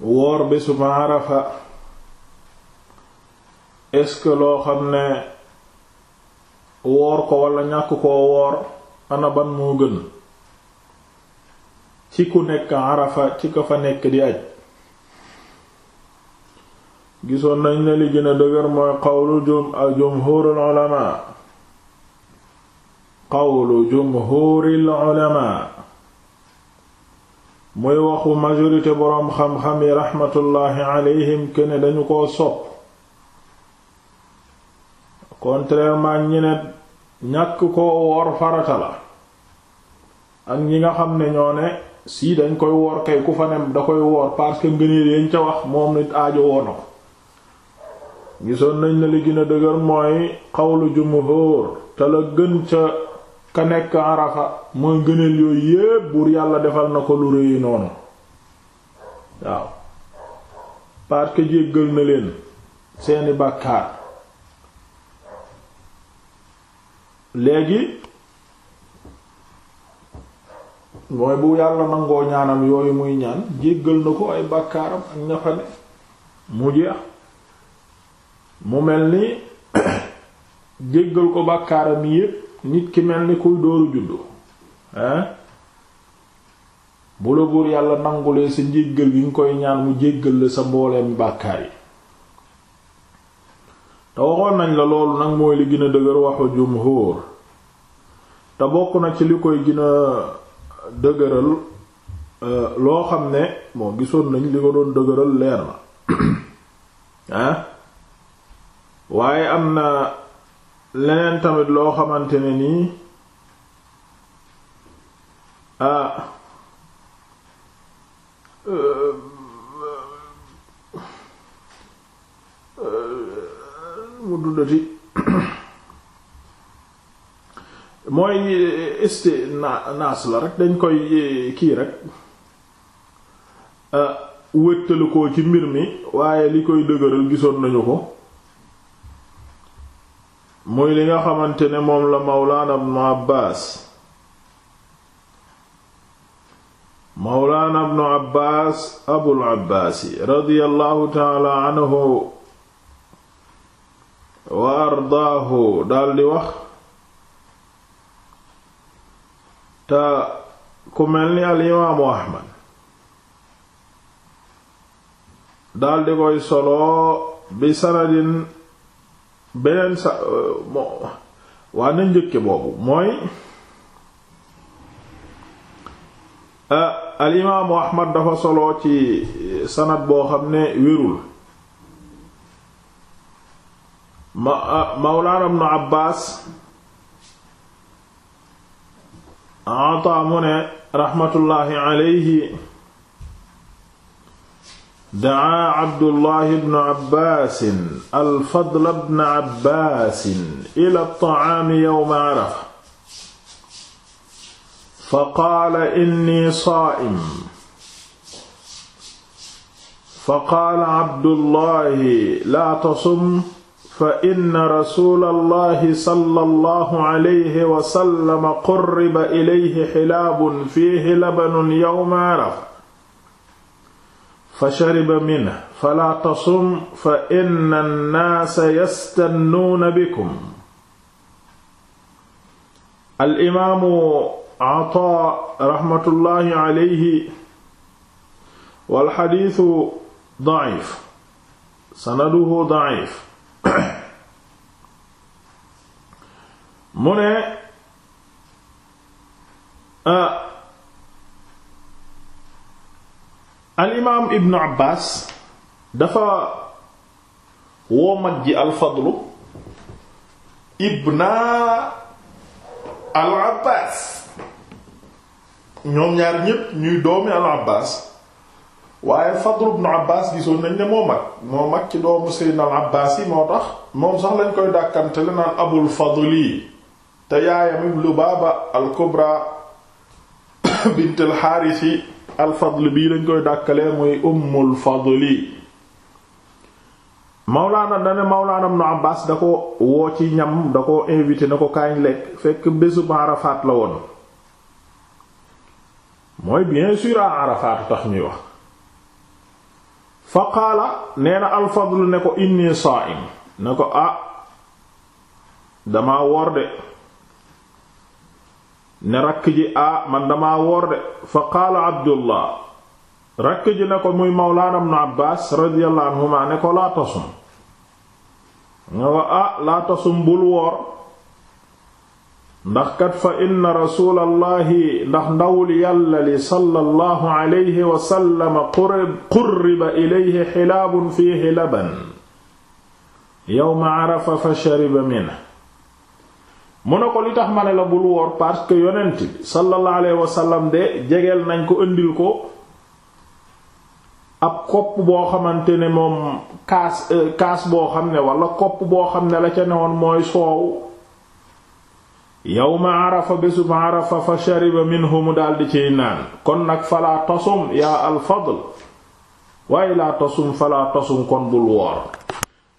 woor bésub Arafa est-ce loo xam ne woor ko walla ñàkk koo woor ana ban moo gën ci ku nekk Arafa ci ko fa nekk di aj gisoon nañ ne li gën dëgër mooy qawlu jum jumhurul ulama qawlu jumhuril ulama muy waxu majorité boroom xam-xam yi raxmatullaahi alayhim këne dañu ko sopp contrairement ñi ne ñàkk koo woor farata la ak ñi nga xam ne ñoo ne si dañ koy woor kay ku fa ne da koy woor parce que ngëneel yañ ca wax moom nit aajo woona ko gisoon nañ na li gën dëgër mooy xawlu jumhur te la gën ca ka nekk Arafa mooy ngëneel yooyu yépp buur yàlla defal na ko lu rëy noonu waaw parce jéggal na leen seeni bàkkaar léegi mooy bu yàlla nangoo ñaanam yooyu muy ñaan jéggal na ko ay bàkkaaram ak ñafane mu jeex mu mel ni jéggal ko bàkkaaram yépp nit ki mel ni kuy dóoru juddu hein bu la buur yàlla nangulee sa njéggal gi nga koy ñaan mu jéggal sa mbooleem bàkkaar yi te waxoon nañ la loolu nag mooy li gën a dëgër waxu jumhur te bokk na ci li koy gin a dëgëral euh, loo xam ne moo gisoon nañ li ko doon dëgëral leer na hein waaye am na leneen tamit loo xamante ne nii ah euh, mu duddati mooy sti na naas la rek dañ koy eh, kii rek ah, wëttalu ko ci mbir mi waaye li koy dëgëral gisoon nañu ko muy li nga xamante ne moom la mawlaana ibnu abbaas mawlaana abbaas abul abbaasi radiyallahu taala anhu wa ardaahu daldi wax te ku mel ni al imaamu ahmad daldi koy bi sanadin beneen sa euh, waa na njëkke boobu mooy euh, al ahmad dafa solo ci euh, sanad boo xam ne wérul mawlaana ibnu abbaas ata mu ne raxmatullaahi alayhi daa Abdullahi ibn Abbas al-Fadl ibn Abbas ila at-ta'aami yawma Arafa fa qaala inni saa'im fa qaala Abdullahi laa tasum fa inna rasuulallahi sallallahu alayhi wa sallam qurriba ilayhi hilaabun fiihi labanun yawma Arafa fa shariba minhu falaa tasum fa inna nnaasa yastannuuna bikum al imaamu Ataa raxmatullaahi alayhi wal xadiisu daciif sanaduhu daciif mu ne ah al imaam ibnu Abbas dafa woo mag ji al Fadlu ibna al Abbas ñoom ñaar ñépp ñuy doomi al Abbas waaye Fadlu ibnu Abbas gisoon nañ ne moo mag moo mag ci doomu Seydina al Abbas yi moo tax moom sax lañ koy dàkkante la Abul Fadli te yaayam Lubaaba al Kubra bint al alfadl bii lañ koy dàkkalee muy ummul fadli mawlaana dane mawlaana ibnu Abbaas da ko woo ci ñam da ko invité na ko kaañ lekk fekk bésu Arafat la woon mooy bien sûr a Arafat tax ñuy wax fa qaala nee na alfadl ne ko inni saa'im ne ko ah dama woor de ne rakk ji a man damaa woor de abdullah rakk ji ne ko muy mawlaana ibnu abbaas radiyallahu anhuma ne ko laa tasum nga wa a laa tasum bul woor kat fa inna rasuulallahi ndax ndawul yàlla li sallallahu alayhi wa sallam qurriba ilayhi laban yawma arafa fa shariba minhu mu ne ko li tax ma ne la bul woor parce que yonent bi sallallahu alayhi de jegeel nañ ko indil ko ab kopp boo xamante ne moom kaas euh, kaas boo xam ne wala kopp boo xam ne la ca woon mooy soow yawma arafa bésub arafa fa shariba minhu mu daldi ciy naan kon nag falaa tasum yaa alfadl waaye laa tasum falaa tasum kon bul woor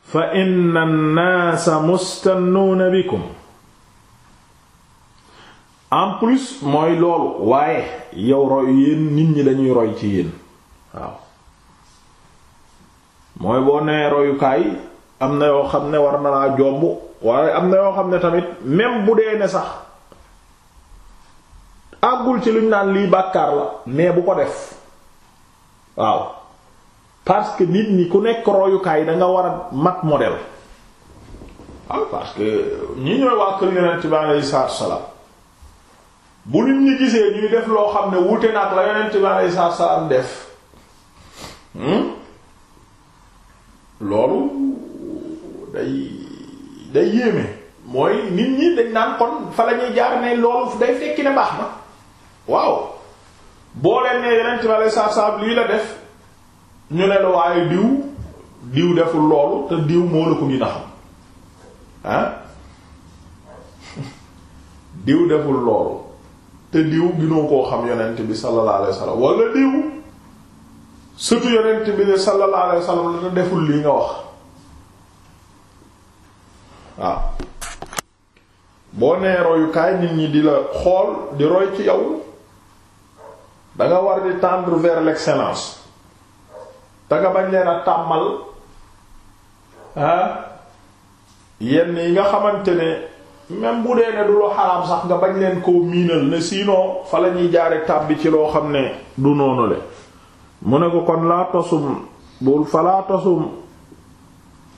fa inna an-naasa mustannuuna bikum en plus mooy loolu waaye yow roy yéen nit ñi dañuy roy ci yéen waaw mooy boo nee royukaay am na yoo xam ne war na laa jomb waaye am na yoo xam ne tamit même bu dee ne sax àggul ci luñ naan lii bàkkaar la mais bu ko def waaw parce que nit ñi ku nekk royukaay da nga war a mat model waaw parce que ñi ñooy waa kër yonent bi alayhi salaam bu nit ñi gisee ñuy def loo xam ne wuute nag la ti bi aleyhi salaatu salaam def hmm? loolu day day yéeme mooy nit ñi dañ naan kon fa la jaar ne loolu day fekki ne baax na waaw boo leen ne yonent bi aleyhi salaatu salaam lii la def ñu ne la waaye diw diw deful loolu te diw moo la ko gën xam ah diw deful loolu te diw ginoo koo xam yonent bi sallallahu alayhi wasallam wala diw surtout yonent bi ne sallallahu alayhi la deful lii nga wax waaw boo nee royukaay nit ñi di la xool di roy ci yow danga war di tendre vers l'excellence danga nga bañ leen a tàmmal ah yenn yi nga xamante ne même bu dee ne du lu xaraam sax nga bañ leen koo miinal ne sinon fa la ñuy jaare tàbbi ci loo xam ne du noonu le mu ne ko kon laa tasum bul fa laa tasum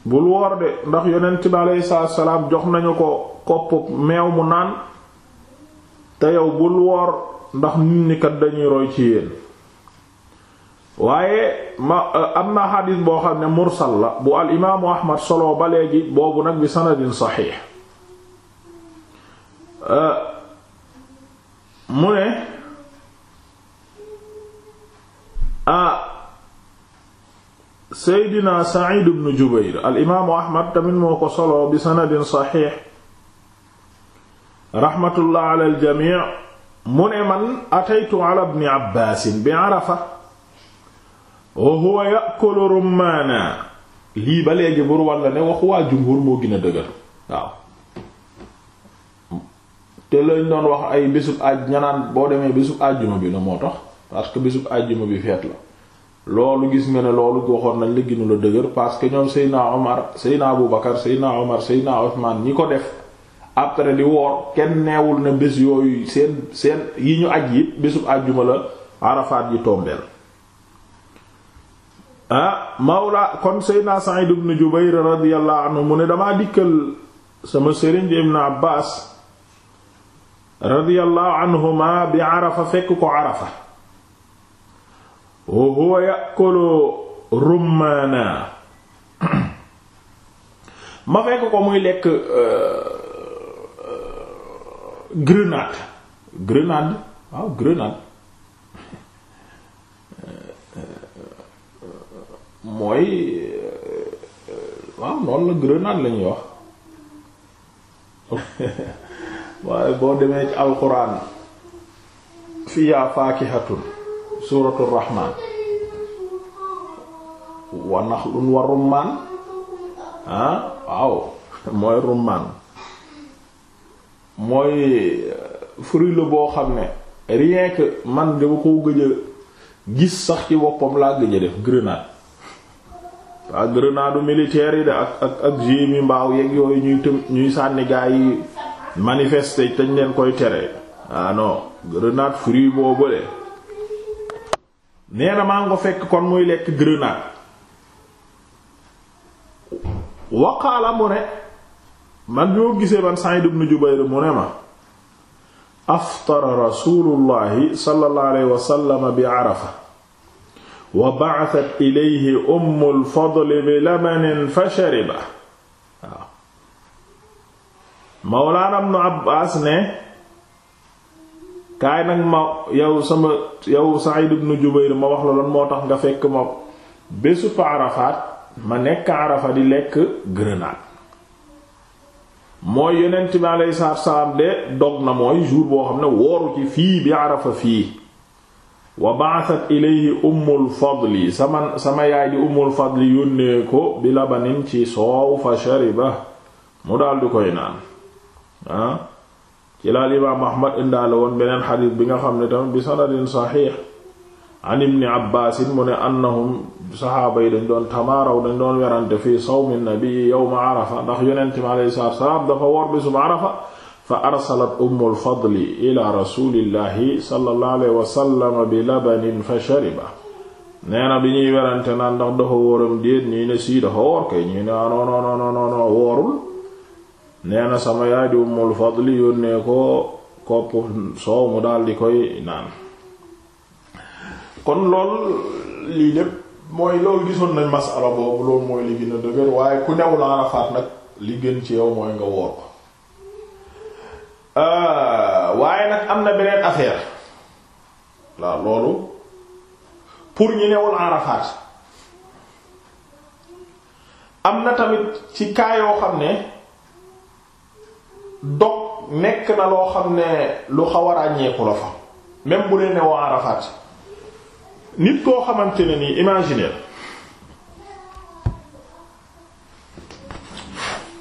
bul woor de ndax yonent bi aleyhi salaatu salaam jox nañu ko kopp meew mu naan te yow bul woor ndax nit ñi kat dañuy roy ci yéen waaye ma euh, am na xadiis boo xam ne mursal la bu al imaamu ahmad solo ba léegi boobu nag bi sanadin saxiix Euh, mu ne a ah, seydina Sa'id ibn Jubayr al imaamu Ahmad tamit moo ko solo bi sanadin saxiix raxmatullah ala al jamii mu ne man ataytu ala ibn Abbaas bi Arafa wa huwa ya'kulu rummaana lii ba léegi bur walla ne waxu waa jumhur moo gën a dëgër waaw te lañ doon wax ay bésub àjj ñanaan boo demee bésub àjjuma bi la moo tax parce que bésub àjjuma bi feet la loolu gis nga ne loolu goxoon nañ la la dëgër parce que ñoom Seydina Omar Seydina Aboubacar Seydina Omar Seydina Othman ñi ko def après di woor kenn neewul na bés yooyu seen seen yi ñu aj yi bésub àjjuma la Arafat yi tombeel ah kon Seydina Sa'id ibn Jubayr radiyallahu anhu mu ne damaa dikkal sama sëriñ Ibn Abbas radiyallahu anhuma bi arafa fekk ko arafa wa huwa ya'kulu rummaana ma fekk ko muy lekk euh, grenade grenade waaw grenade mooy euh, waaw noonu la grenade lañuy wax waaye boo demee ci alquran fiyaa faakihatun suratu rahman wa naxlun wa rummaan ah waaw mooy rummaan mooy eh, fruit la boo xam ne rien man dama ko gëj a gis sax ci boppam laa gëj a def grenade waa grenade militaire yi de ak ak ak mbaaw yeeg yooyu ñuy tëm ñuy sànni gaa yi manifester dañ leen koy tere ah non grenade fruit boobu de nee maa nga fekk kon muy lekk grenade waqaala mu ne man ñoo gisee man Sa'id ibn Jubayr mu ne ma aftara rasulullahi sallallahu alayhi bi Arafa wa ba'athat ilayhi Ummul Fadl bi labanin fa shariba Mawlaana Ibnu Abbaas ne kaay nag ma yow sama yow Saïd ibnu Jubayr ma wax la lan moo tax nga fekk ma bésu Arafat ma nekk Arafa di lekk grenade mooy yonent bi aleyhi salaatu salaam de dog na mooy jour boo xam ne wooru ci fii bi Arafa fii wa ba'athat ilayhi ummul fadli sama sama yaay di ummul fadli yónnee ko bi labanin ci soow fa shariba mu daldi koy naan ah ci laal ahmad indaale woon beneen xadis bi nga xam ne tamit bi sanadin saxiix an ibni abbaasin mu ne annahum saxaaba yi dañ doon tamaaraw dañ doon werante fii sawmi nabii yowma arafa ndax yonente mi a salaatu salaam dafa wor bisum arafa fa arsalat ummul fadli ila rasulillahi sallallahu alayhi wa bi labanin fa shariba nee na bi ñuy werante naan ndax dafa wóoram déet ñii ne sii dafa woor kay ñii ne ah, non non non non nee na sama yaay di Ummul Fadli yónnee ko kopp soow mu daal di koy naan kon lool lii lépp mooy loolu gisoon nañ masala boobu loolu mooy li gën dëgër waaye ku newul Arafat nag li gën ci yow mooy nga woor ko euh, waaye nag am na beneen affaire waaw loolu pour ñu newul Arafat am na tamit ci kaa yoo xam ne dog nekk na loo xam ne lu xaw a ràññeeku la fa même bu leen ne waa Arafat nit koo xamante ne nii imaginer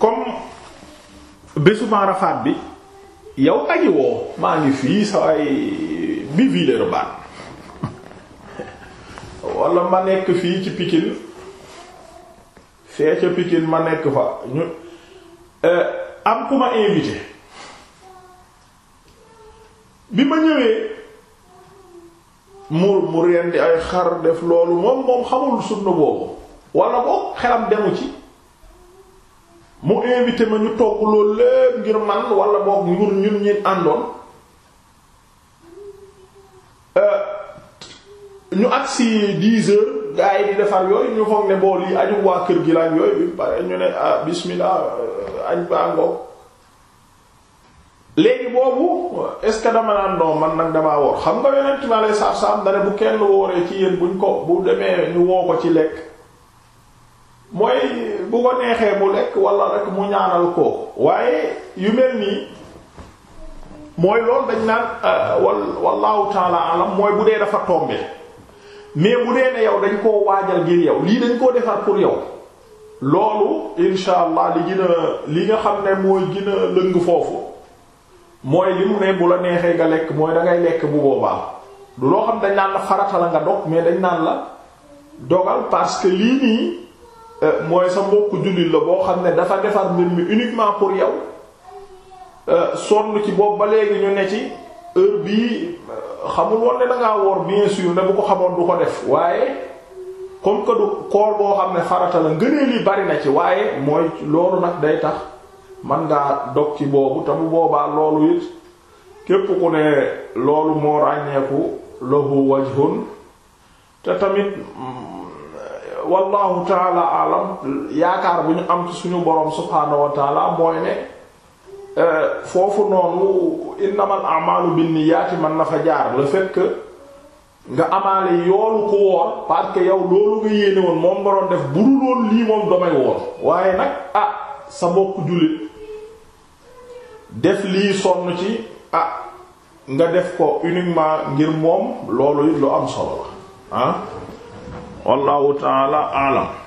comme bésu Arafat bi yow aji maa ngi fii saway bi Villeurbanne wala ma nekk fii ci Pikine fee ca Pikine ma nekk fa ñu. Euh, am ku ma invité bi ma ñëwee mu mu rendi ay xar def loolu moom moom xamul sunna boobu wala boo xelam demu ci mu invité ma ñu togg loolu lépp ngir man wala boog ñun ñun ñun àndoon euh, ñu agsi dix gaa yi di defar yooyu ñu foog ne boo lii aju waa kër gi yooyu bi ñu ne ah, bismillah añ baa ngoog léegi boobu est ce que dama naan non man nag damaa woor xam nga yonent mi alayhi salaatu salaam dane bu kenn wooree ci yéen ñu ko bu demee ñu woo ko ci lekk mooy bu ko neexee mu lekk walla rek mu ñaanal ko waaye yu mel nii mooy loolu dañ naan euh, wal wallahu taala mooy bu dee dafa tombé mais bu dee ne yow dañ koo waajal ngir yow lii dañ koo defar pour yow. loolu insha allah li gën li nga xam ne mooy gën a lëng foofu mooy li mu ne bu la neexee nga lekk mooy da ngay lekk bu boobaa du loo xam dañ naan la farata la nga dog mais dañ naan la dogal parce que lii nii euh, mooy sa mbokku jullit la boo xam ne dafa defar mbir mi uniquement pour yow euh, sonn ci boobu ba léegi ñu ne ci heure bii euh, xamul woon ne dangaa woor bien sûr ne bu ko xamoon du ko def waaye comme que du boo xam ne farata la ngëneel yi bari na ci waaye mooy loolu nag day tax man ngaa dog ci boobu te bu boobaa loolu it képp ku ne loolu moo ràññeeku lahu wajhun te tamit mm, wallahu taala alam yaakaar bu ñu am ci suñu borom subhaanahu wa taala mooy ne eh, foofu noonu innamal a'malu binniyaati man na fa jaar le fait nga amaale yoolu ko woor parce que yow loolu nga yéene woon moom nga doon def bu dul woon lii moom damay woor waaye nag a ah, sa bokk jullit def lii sonn ci a ah, nga def ko uniquement ngir moom loolu it lu am solo la ah wallahu ta'ala a'lam